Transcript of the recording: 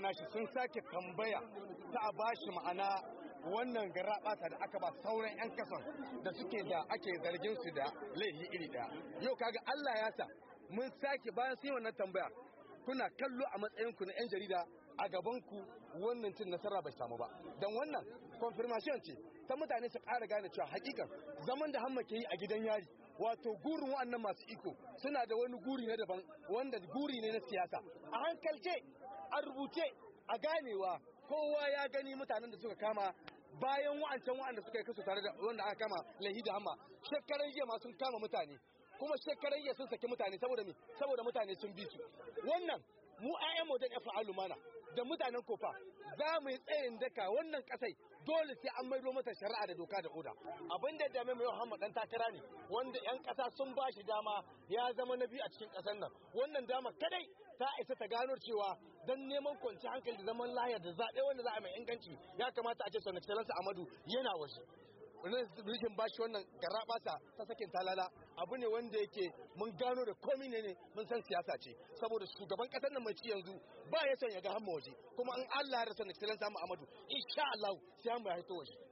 mutana shi sun sake tambaya ta a bashi ma'ana wannan bata da aka ba sauran 'yan kasan da suke da ake zargin su da laifi iri daya yau kaga Allah ya sa mun sake bayan sun yi wannan tambaya kuna kallo a matsayinku na 'yan jarida a gabanku wannan cin nasara bai samu ba don wannan confirmation ce ta mutane su ƙara gane cewa hakikan zaman da hamma ke yi a gidan yari wato gurin wa'annan masu iko suna da wani guri na daban wanda guri ne na siyasa a hankalce a rubuce a ganewa kowa ya gani mutanen da suka kama bayan wa'ancan wa'anda suka yi kasu tare da wanda aka kama lahi da hamma shekaran jiya ma kama mutane kuma shekaran ya sun saki mutane saboda mi saboda mutane sun bi su wannan mu ayyan mu dan fa'alu alumana da mutanen kofa za mu yi tsayin daka wannan kasai dole sai an ro mata shari'a da doka da oda abin da mai Muhammad dan takara ne wanda yan kasa sun ba shi dama ya zama na biyu a cikin kasar nan wannan dama kadai ta isa ta gano cewa dan neman kwanci hankali da zaman lahiya da zaɓe wanda za a mai inganci ya kamata a ce sanar Amadu yana wasu. rashin bashi wannan garabasa ta sakin talala abu ne wanda yake mun gano da komi ne ne mun san siyasa ce saboda shugaban kasar nan mai yanzu ba ya son ya ga hamma waje kuma an Allah ya rasa na kiran samu Amadu insha Allah sai mu ya hito waje